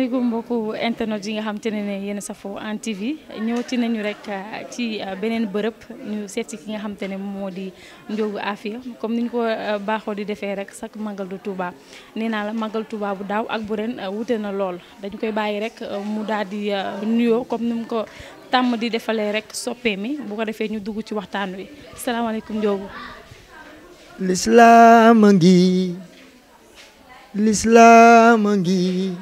asalaamaaleykum mbokku internet yi nga xam te ne ne yenn a safoo en TV ti nañu rek ah, ci ah, beneen bërëb ñu seet ki nga xam te ne moo di Ndiogou Afia comme ni ñu ko ah, baaxoo di defee rek chaque magal du Touba nee naa la magal Touba bu daaw ak bu ren wute na lool dañu koy bàyyi rek mu daal di nuyoo comme ni mu ko tàmm di defalee rek soppee mi bu ko defee ñu dugg ci waxtaan wi asalaamaaleykum Ndiogou. lislaam a ngi.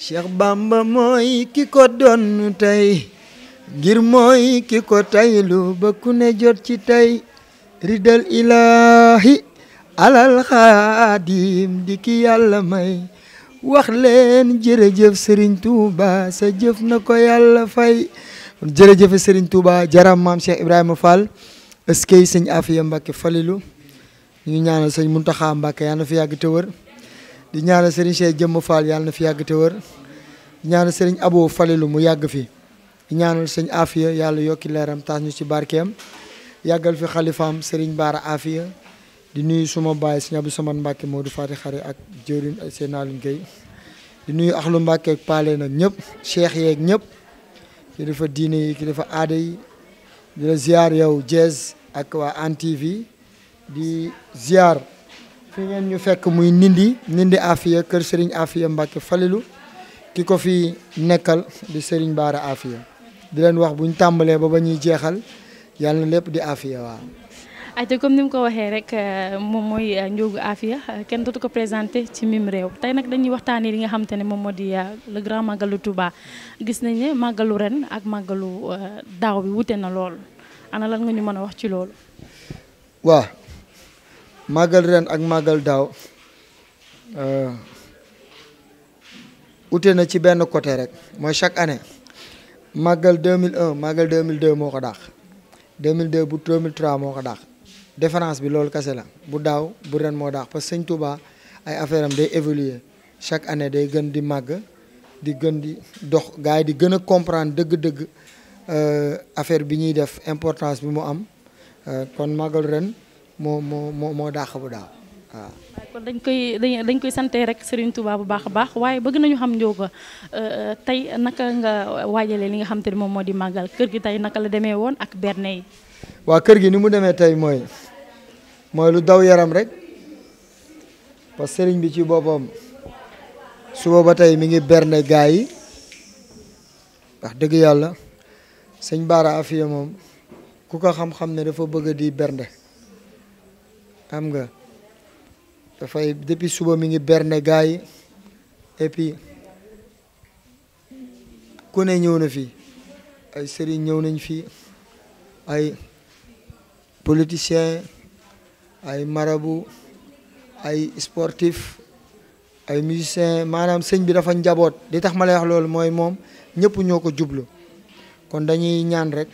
Cheikh Bamba moy kiko don tay ngir moy kiko tay lu ba ne jot ci tay ridal ilahi alal khadim di yalla may wax leen jërëjëf Serigne Touba sa jef nako yalla fay kon Serigne Touba jaram mam Cheikh Ibrahima Fall eskey serigne Afiya mbake Falilu ñu ñaanal serigne muntaha mbake yalla fi yag te di ñaanal Serigne Cheikh Jëmm Fall yàlla na fi yàgg te wër di ñaanal Serigne Abo Falilu mu yàgg fi di ñaanal sëñ Afia yàlla yokki leeram taas ñu ci barkeem yàggal fi xalifaam Serigne Baara Afia di nuyu suma baay sëñ Abdou Samane Mbacke Modou Fati Xare ak jëwriñ seen Alioune Gueye di nuyu axlu Mbacke ak Paale nag ñëpp cheikh yeeg ñëpp kilifa diine yi kilifa aada yi di la ziar yow Diez ak waa Hann TV di ziar. fi ngeen ñu fekk muy nindi nindi afiya kër Serigne afiya Mbacke falilu, kiko fi nekkal di Serigne Baara afiya di len wax buñ tambalé ba bañuy jéxal yalla lepp di afiya ay te comme nim ko waxé rek euh, mom moy euh, Afia euh, kenn dootu ko présenter ci mim rew tay nak dañuy waxtaanee li nga xamante ne moom moo le grand magalu Touba gis nañ ne magalu ren ak magalu daaw bi wuté na lool ana lan nga ñu mëna wax ci lool wa màggal ren ak màggal daaw euh, ute na ci benn côté rek mooy chaque année màggal 2001 màggal 2002 moo ko dàq 2002 bu 2003 moo ko dàq différence bi loolu kese la bu daaw bu ren moo daax parce que sëñ Touba ay affaire am day évoluer chaque année day gën di màgg di gën di dox gars yi di gën a comprendre dëgg-dëgg euh, affaire bi ñuy def importance bi mu am euh, kon màggal ren moo moo moo moo dàq bu daaw waaw. kon dañ koy dañ koy sante rek Serigne Touba bu baax a baax waaye bëgg nañu xam Ndiogou euh, euh, tey naka nga waajalee li nga xam te ne moom moo kër gi tey naka la demee woon ak berne yi. waa kër gi ni mu demee tey mooy mooy lu daw yaram rek parce que Serigne bi ci boppam suba ba tey mi ngi berne gaa yi wax dëgg yàlla sëñ Baara Afia moom ku ko xam-xam ne dafa bëgg di bernde xam nga dafay depuis suba mi ngi berne gaay et puis ku ne ñëw na fi ay sëriñ ñëw nañ fi ay politiciens ay marabu ay sportif ay musicien manam sëñ bi dafa njabot di tax ma lay wax lool moy mom ñepp ñoko jublu kon dañuy ñaan rek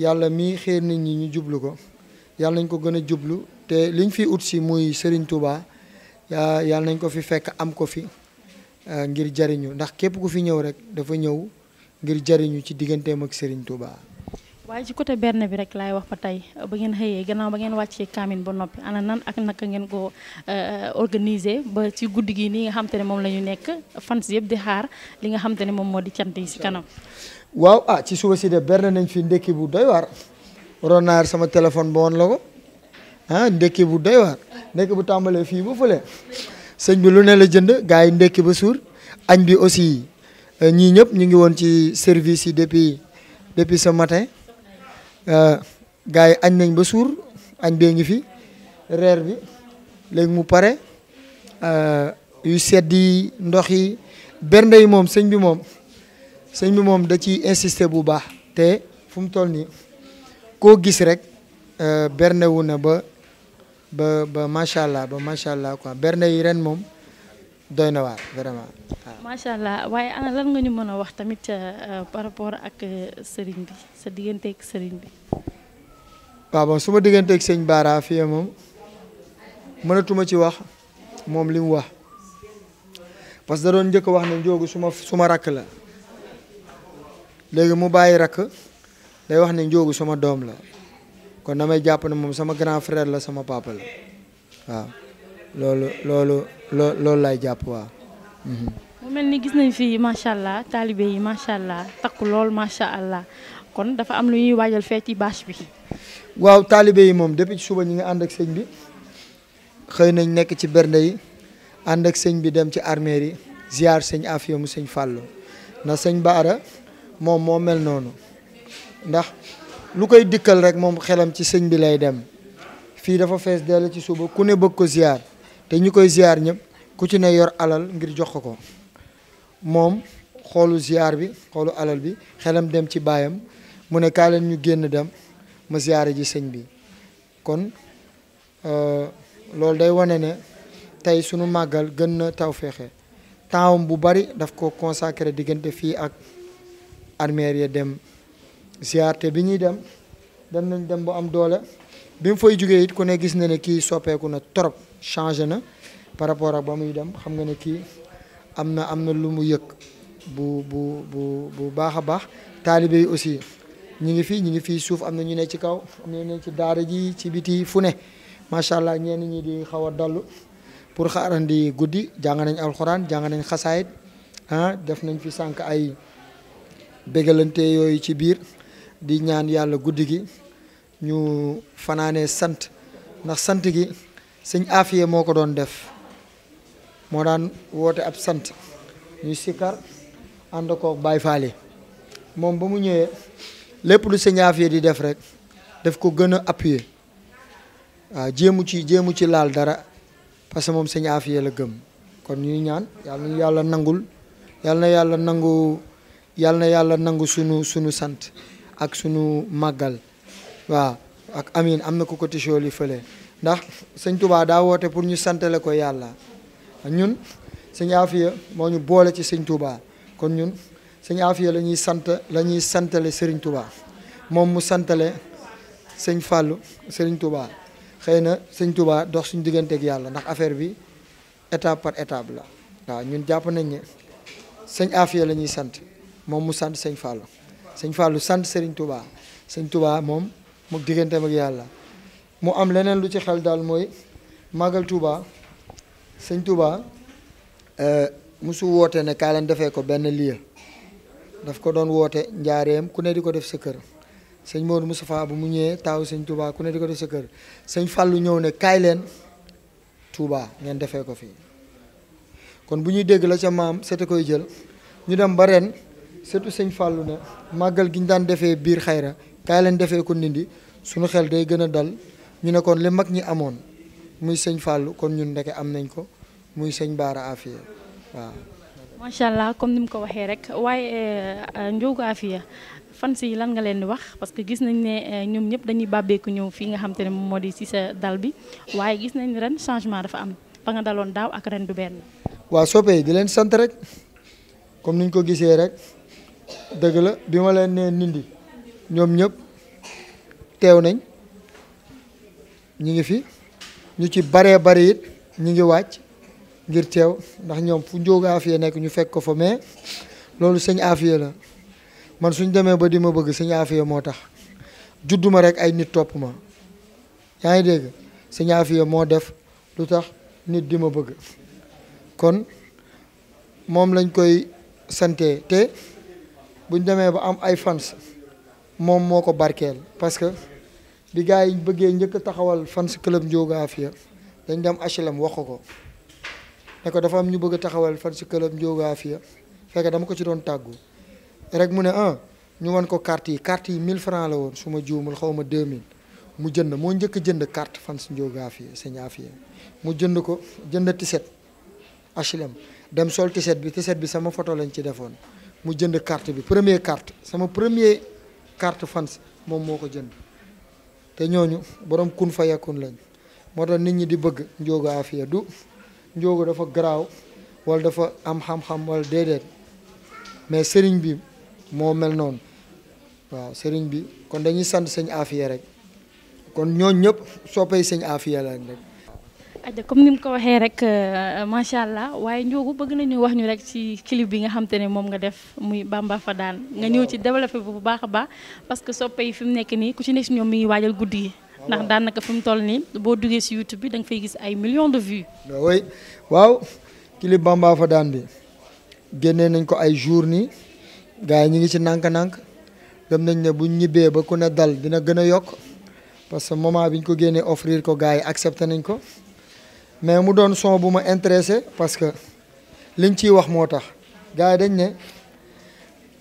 yalla mi xéer nit ñi ñu jublu ko yalla nañ ko gëna jublu te liñ fi ut si muy Serigne Touba ya, yàlla nañ ko fi fekk am ko fi euh, ngir jariñu ndax képp ku fi ñew rek dafa ñew ngir jariñu ci digënté mak Serigne Touba. waaye ci côté berne bi rek lay wax ba tay ba ngeen xëyee gannaaw ba ngeen wàccee kamine ba nopi ana nan ak nak ngeen ko euh, organiser ba ci guddigi ni nga xam mom lañu nekk fans yëpp di xaar li nga xam mom modi moom yi kanam. waaw ah ci souba ci de berne nañ fi ndekki bu doy war ronaar sama téléphone ba woon la ko. ah ndekki bu doy waar ndekki bu tàmbalee fii ba fële sëñ bi lu ne la jënd gars yi ndekki ba suur añ bi aussi euh, ñii ñëpp ñu ngi woon ci service yi depuis sa ce matin euh, gars yi añ nañ ba suur añ bee ngi fi reer bi léegi mu pare euh, yu sedd yi ndox yi bernde yi moom sëñ bi moom sëñ bi moom da ciy insister bu baax te fu mu toll nii koo gis rek bernde wu na ba ba ba machallah ba machallah quoi berne yi ren mom doyna wa vraiment machallah macha ana lan nga ñu mëna wax tamit euh, euh, par rapport ak euh, serigne bi sa ak serigne bi. ba bon su ma digganteeg sëñ bara fii moom mënatuma ci wax mom lim wax parce da doon jëk wax ne jogu suma suma rak la légui mu bàyyi rak day wax ne jogu suma dom la kon damay jàpp ne moom sama grand frère la sama papa la wa loolu loolu loo lay japp wa waaw. Mhm. mu melni gis nañ ma sha allah talibé yi sha allah takku ma sha allah kon dafa am luñuy wajjal waajal ci bâche bi. waaw talibé yi mom depuis suba ñi nga and ak sëñ bi xëy nañ ci bernde yi and ak sëñ bi dem ci armeer yi ziar sëñ Afia mu sëñ Fallou ndax sëñ Baara mom mo mel nonu ndax. lu koy dikkal rek moom xelam ci sëñ bi lay dem fii dafa fees dell ci suba ku ne bëgg ko ziar te ñu koy ziar ñëpp ku ci ne yor alal ngir jox ko ko moom xoolu ziar bi xoolu alal bi xelam dem ci baayam mu ne kaa leen ñu génn dem ma ziare ji sëñ bi kon euh, loolu day wane ne tey sunu màggal gën na taw feexe temps bu bari daf ko consacré diggante fii ak armeer ya dem ziarte bi ñuy dem dem nañ dem bo am doole bi mu fay jógee it ku ne gis na ne kii soppeeku na trop changé na par rapport ak ba muy dem xam nga ne kii am na am na lu mu yëg bu bu bu bu baax a baax taalibe yi aussi ñi ngi fii ñi ngi fii suuf am na ñu ne ci kaw am na ñu ne ci daara ji ci biti fu ne macha allah ñi di xaw a dallu pour xaarandi guddi jàng nañ alxuraan jàng nañ xasaayit ah def nañ fi sànq ay bégalante yooyu ci biir di ñaan yalla nyu fanane ñu fanane sant ndax sante gi señ afiye moko don def mo daan wote ab sant ñu sikar ànd ko fali Faal yi moom ba mu lu señ afiye di def rek def ko gëna a appuyer ci jëmu ci laal dara parce mom señ sëñ afiye la gëm kon ñuy ñaan yalla yalla nangul yalla na nangu yalla na nangu sunu sunu sant ak suñu màggal waaw ak amin am na ku ko tisoo li fële ndax sëñ Touba daa woote pour ñu santale ko yàlla ñun sëñ Afia moo ñu boole ci sëñ Touba kon ñun sëñ Afia la ñuy sant la ñuy santale sëriñ Touba moom mu santale sëñ Fallou sëriñ Touba xëy na sëñ Touba dox suñu digganteeg yàlla ndax affaire bi étape par étape la waa ñun jàpp nañ ne sëñ Afia lañuy sant moom mu sant sëñ Fallou. sëñ Fallou sant sëriñ Touba sëñ Touba moom mu digganteem ak yàlla mu am leneen lu ci xel daal mooy màggal Touba sëñ Touba euh, musu woote ne kaa leen defee ko benn lieu daf ko doon woote njaareem ku ne di ko def sa kër sëñ Modou Moustapha bu mu ñëwee taaw sëñ Touba ku ne di ko def sa kër sëñ Fallou ñëw ne kaay leen Touba ngeen defee ko fii kon bu ñuy dégg la ca maam sete koy jël ñu dem ba ren. surtout sëñ Fallou ne màggal gi ñu daan defee biir xayra kaay leen defee ko Ndindy suñu xel day gën a dal ñu ne kon li mag ñi amoon muy sëñ Fallou kon ñu ndeke am nañ ko muy sëñ Baara Afia waaw. macha allah comme ni mu ko waxee rek waaye euh, Ndiogou Afia fan si lan nga leen di wax parce que gis nañ ne euh, ñoom ñëpp dañuy bàbbeeku ñëw fii nga xam te ne moom moo di si sa dal bi waaye gis nañ ren changement dafa am fa nga daloon daaw ak ren du benn. waa soppe di leen sant dëgg la bi ma leen nee nindi ñoom ñëpp teew nañ ñi ngi fi ñu ci baree bari it ñi ngi wàcc ngir teew ndax ñoom fu njóog afiye nekk ñu fekk ko fa mais loolu sëñ afiye la man suñ demee ba di ma bëgg sëñ afiye moo tax judduma rek ay nit topp ma yaa ngi dégg sëñ afiye moo def lu tax nit di ma bëgg kon moom lañ koy sante te buñ démé ba am ay fans mom moko barkel parce que bi gaay yi bëggee njëkk taxawal fans club Ndiogou dañ dem HLM wax ko ko dafa am ñu bëgg taxawal fans club Ndiogou Afia fekk dama ko ci doon taggu rek mu né ah ñu won ko carte yi carte yi 1000 francs la won suma joomul xawma 2000 mu jënd mo ñëk jënd carte fans Ndiogou Afia Afia mu jënd ko jënd tisset HLM dem sol tisset bi tisset bi sama photo lañ ci defone mu jënd carte bi premier carte sama premier carte fans moom moo ko jënd te ñooñu borom kun fa yakun lañ moo tax nit ñi di bëgg Ndiogou Afia du Ndiogou dafa garaw wala dafa am xam-xam wala déedéet mais sëriñ bi moo mel noonu waaw sëriñ bi kon dañuy sant sëñ Afia rek kon ñooñ ñëpp soppay sëñ Afia lañ rek aja comme ni mu ko waxee rek euh, macha allah waaye Ndiogou bëgg nañu wax ñu rek ci clip bi nga xam ne moom nga def muy Bamba Fadane nga ñëw ci développé bu baax a baax parce que soppe yi fi mu nekk nii ku ci nekk si ñoom mi ngi waajal guddi yi ndax daanaka fi mu toll nii boo duggee si YouTube bi da fay gis ay millions de vues. oui waaw clip Bamba Fadane bi génnee nañ ko ay jour nii gars yi ñu ngi ci nànk-nànk dem nañ ne bu ñibbee ba ku ne dal dina gën a yokk parce que moment bi ko génnee offrir ko gars yi accepté nañ ko. mais mu doon son bu ma intéressé parce que liñ ciy wax moo tax gars dañ ne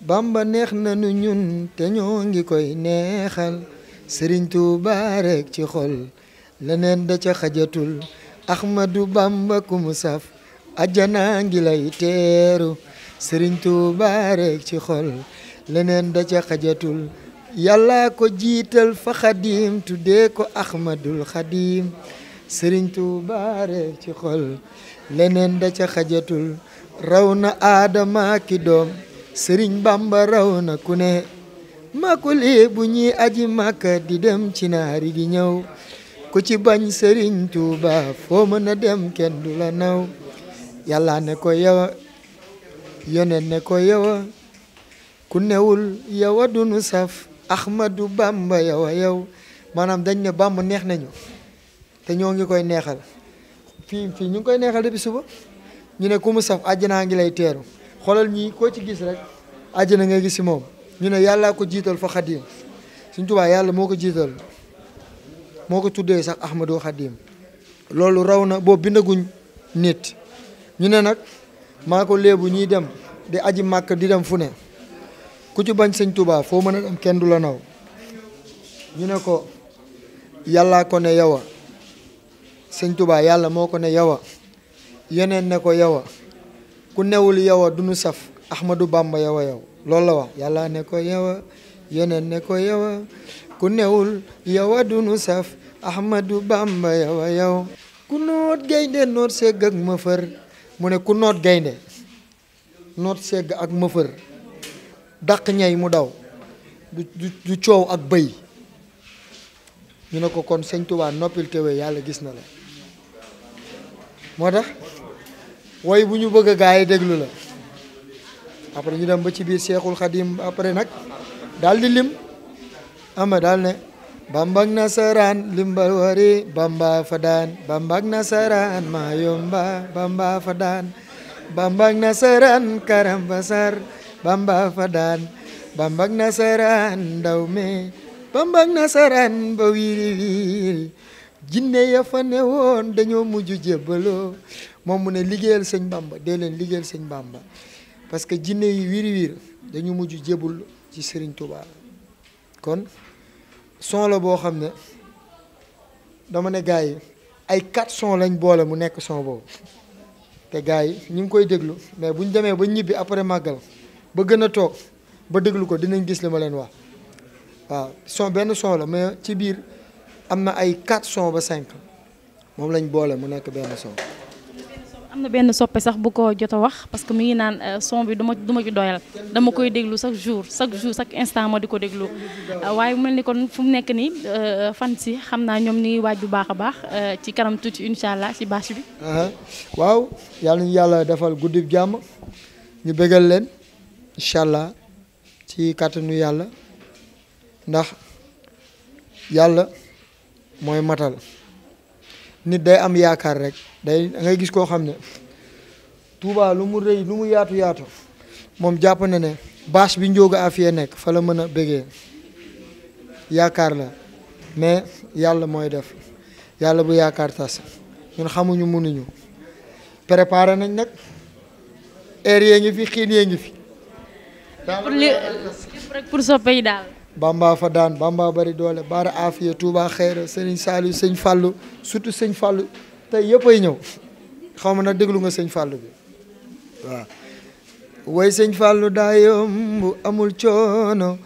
Bamba neex na nu ñun te ñoo ngi koy neexal Sëriñ Tuuba rek ci xol leneen da ca xajatul Ahmadu Bamba ku mu saf ajjanaa ngi lay teeru Sëriñ Tuuba ci xol leneen da ca xajatul yàllaa ko jiital fa xadim tuddee ko Ahmadul Xadim sëriñ Tuubaa ree ci xol leneen da ca xajatul raw na aadama ki doom sëriñ Bamba raw na ku ne makule bu ñi aji màkka di dem ci naari di ñëw ku ci bañ sëriñ Tuubaa foo mën na dem kenn du la naw yàlla ne ko yow yonen ne ko yow ku newul yow a dunu saf Ahmadu Bamba yow a yow maanaam dañ ne Bamba neex nañu te ñoo ngi koy neexal fii fii ñu ngi koy neexal depuis suba ñu ne ku mu saf naa ngi lay teeru xoolal ñii koo ci gis rek na ngay gis si moom ñu ne yàllaa ko jiital fa xadim suñ tubaa yàlla moo ko jiital moo ko tuddee sax ahmadou xadim loolu raw na boo bindaguñ nit ñu ne nag maa ko léebu ñuy dem di aji màkk di dem fu ne ku ci bañ sëñ tubaa foo mën a dem kenn du la naw ñu ne ko yàllaa ko ne yow sëñ Tuubaa yàlla moo ko ne yow a yeneen ne ko yow a ku newul yow a du nu saf Ahmadou Bamba yow a yàlla ne ko yow a ku newul yow a du nu saf noot gaynde noot segg ak mëfër mu ne ku noot gaynde noot segg ak mëfër dàq ñay mu daw du du coow ak bëy ñu ne ko kon sëñ Tuubaa noppil tewe yàlla gis na la moo tax bu ñu bëgg gaa yi déglu la après ñu ba ci biir Seexul Xadim après nag daal di lim ama daal ne bambak nasaraan limbal wari bambak nasaraan ma yomba bamba fadaan bambak nasaraan karam basar bambak nasaraan dawme jinne ya fa ne woon dañoo mujj jébbaloo moom mu ne liggéeyal sëñ bamba dee leen liggéeyal sëñ bamba parce que jinne yi wiiri wiir dañu mujj jébul ci sëriñ Touba kon son la boo xam ne dama ne gars yi ay quatre son lañ boole mu nekk son boobu te gars yi ñu ngi koy déglu mais bu ñu demee ba ñibbi après màggal ba gën a toog ba déglu ko dinañ gis li ma leen wax waaw son benn son la mais ci biir am na ay quatre son ba cinq moom lañ boole mu nekk benn son. am na benn soppe sax bu ko jot a wax parce que mi ngi naan euh, son bi duma ma du ma doyal dama koy déglu chaque jour chaque jour chaque instant ma di ko déglu euh, waaye mu mel ni kon fu mu nekk nii euh, fan si xam naa ñoom ñu ngi waaj bu baax a baax ci kanam tuuti incha allah ci bâche bi. waaw yàlla ñu yàlla defal guddi jàmm ñu bégal leen incha allah ci kàttanu yàlla ndax yàlla. moy matal nit day am yaakar rek day ngay gis ko xamne ne Touba lu mu rëy lu mu yaatu yaatu mom japp na ne bas bi ñoga afiyee nek fa la mëna bëggé yaakar la mais yalla moy def yalla bu yaakar tas ñun xamuñu mënuñu préparé nañ nak air yee ngi fi xiin yee ngi fi. pour pour dal Bamba fa daan Bamba bari doole Baara Afia Touba Xeyra Serigne Saliou sëñ Fallou surtout sëñ Fallou tey yëpp ay ñëw xaw ma nag déglu nga sëñ Fallou bi waaw. way sëñ Fallou daa yomb amul coono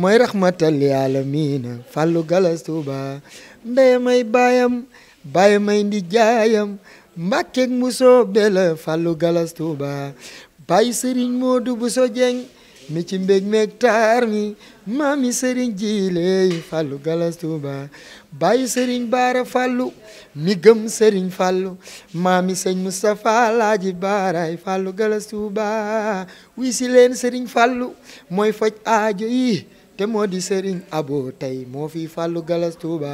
mooy raxmatal aalamiina Fallou Galas Touba ndey may baayam baay may ndi jaayam mbàkkeeg musoo bela Fallou Galas Touba bàyyi Serigne Modou Bousso Dieng. mi ci mbég meeg taar mi maami sëriñ jiileey fàllu galas tuuba bàyyi sëriñ baara fàllu mi gëm sëriñ fàllu maami sëñ Moustapha laaji baaraay fàllu galas tuuba wii si leen sëriñ fàllu mooy faj aajo yi te moo di sëriñ abo tey moo fi fàllu galas tuuba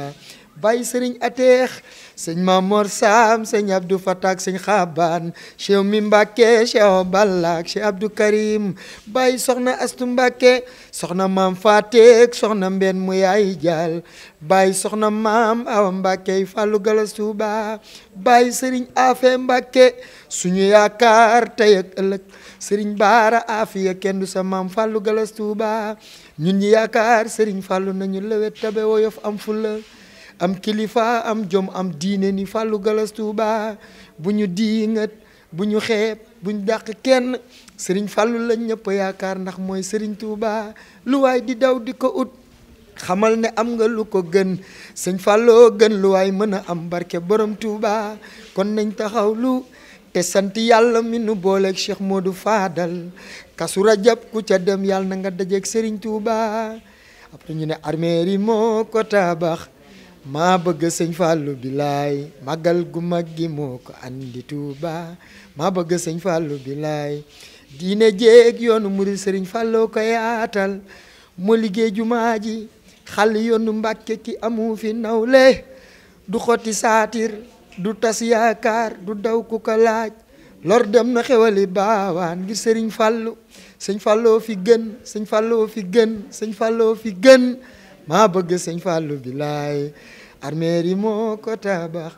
bàyyi sëriñ ateex sëñ Mamor Sam sëñ Abdou Fatak sëñ Xaban Cheikh mi Mbacke Cheikh Balak Cheikh Abdou Karim Baye soxna Astu Mbacke soxna maam Fatek soxna Mbenn mu yaay jàll Baye soxna maam Awa Mbacke falu Galas Touba Baye Serigne Afe Mbacke suñu yaakaar tey ak ëllëg Serigne Baara Afiya kenn du sa maam Fallou Galas Touba ñun ñi yaakaar Serigne Fallou nañu lewet tabe woyof am fulla am kilifa am jom am diine ni fàllu galas Tuuba bu ñu diingat bu ñu xeeb bu ñu dàq kenn sëriñ fàllu lañ ñëpp yaakaar ndax mooy sëriñ Tuuba lu waay di daw di ko ut xamal ne am nga lu ko gën sëñ fàlloo gën lu waay mën a am barke borom Tuuba kon nañ taxaw lu te sant yàlla mi nu booleeg Cheikh Modou Fadal kasu rajab ku ca dem yàlla na nga dajeeg sëriñ Tuuba après ñu ne armée yi moo ko tabax Ma bëgg sëñ fallu bilay magal gu maggi moko andi Touba ma bëgg sëñ fallu bilay diine jéek yoonu muri sëriñ fallo ko yaatal mo ligé jumaaji xal yoonu Mbàkke ki amu fi nawlé du xoti satir du tas yaakar du daw ku ko laaj lor dem na xewali baawaan gi sëriñ fallu sëñ fallo fi gën sëñ fallo fi gën sëñ fallo fi gën Ma bëgg sëñ fallu bi lay armeri moo ko tabax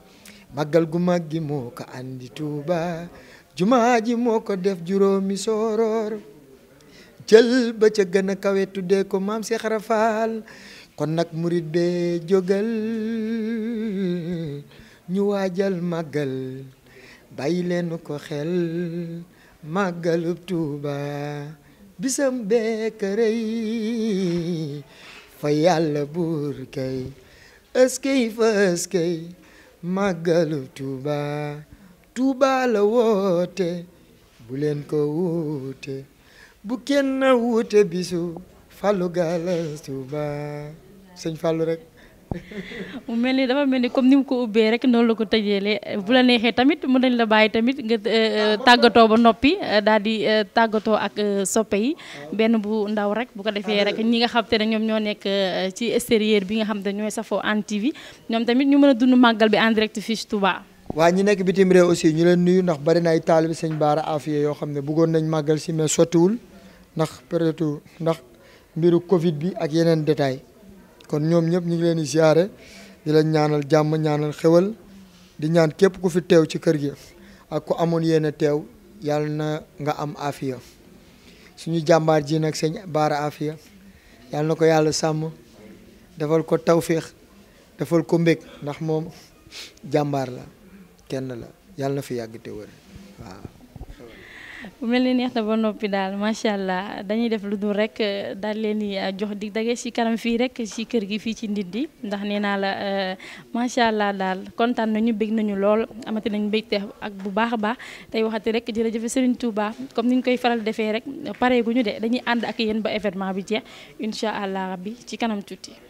magal gu maggi gi ko andi tuba jumaaji moko ko def juróomi soror jël ba ca gëna kawé tuddé ko mam Cheikh rafal kon nak mourid be jogal ñu wajal magal bàyyi ko xel magal tuba bisam be fa yàlla buur kay ëskey fa ëskey màggalu tuuba tuuba la woote bu leen ko wuute bu kenn wuute bisu fàllu galas tuuba sëñ fàllu rek mu mel ni dafa mel ni comme ni mu ko ubbee rek noonu la ko tëjeelee bu la neexee tamit mën nañ la bàyyi tamit nga euh, euh, tàggatoo ba noppi euh, daal di tàggatoo ak soppe yi oh. benn bu ndaw rek bu ko defee rek ñi nga xam te ne ñoom ñoo nekk ci extérieur bi nga xam te ñooy safoo Hann TV ñoom tamit ñu mën a dund màggal bi en direct fii ci Touba. waa ñi nekk bitim réew aussi ñu leen nuyu ndax bari na ay taalibi sëñ Baara Afia yoo xam ne bëggoon nañ màggal si mais sottiwul ndax peut-être mbiru Covid bi ak yeneen détail kon ñoom ñëpp ñu ngi leen di ziare di leen ñaanal jàmm ñaanal xewal di ñaan képp ku fi teew ci kër gi ak ku amoon yéene teew yàlla na nga am afiya suñu jàmbaar ji nag sëñ baara afiya yàlla na ko yàlla sàmm defal ko tawféex defal ko mbég ndax moom jàmbaar la kenn la yàlla na fi yàgg te wër waaw bu mel neex na ba noppi daal macha allah dañuy def lu dul rek eh, daal leen di eh, jox dig dage si kanam fii rek si kër gi fii ci ndax la eh, macha allah daal kontaan nañu bég nañu lol. amati nañu mbégte ak bu baax a baax waxati rek jërëjëf Serigne Touba comme ni ñu koy faral defee rek pare gu ñu de dañuy ànd ak yéen ba événement bi jeex incha allah rabbi ci kanam tuti.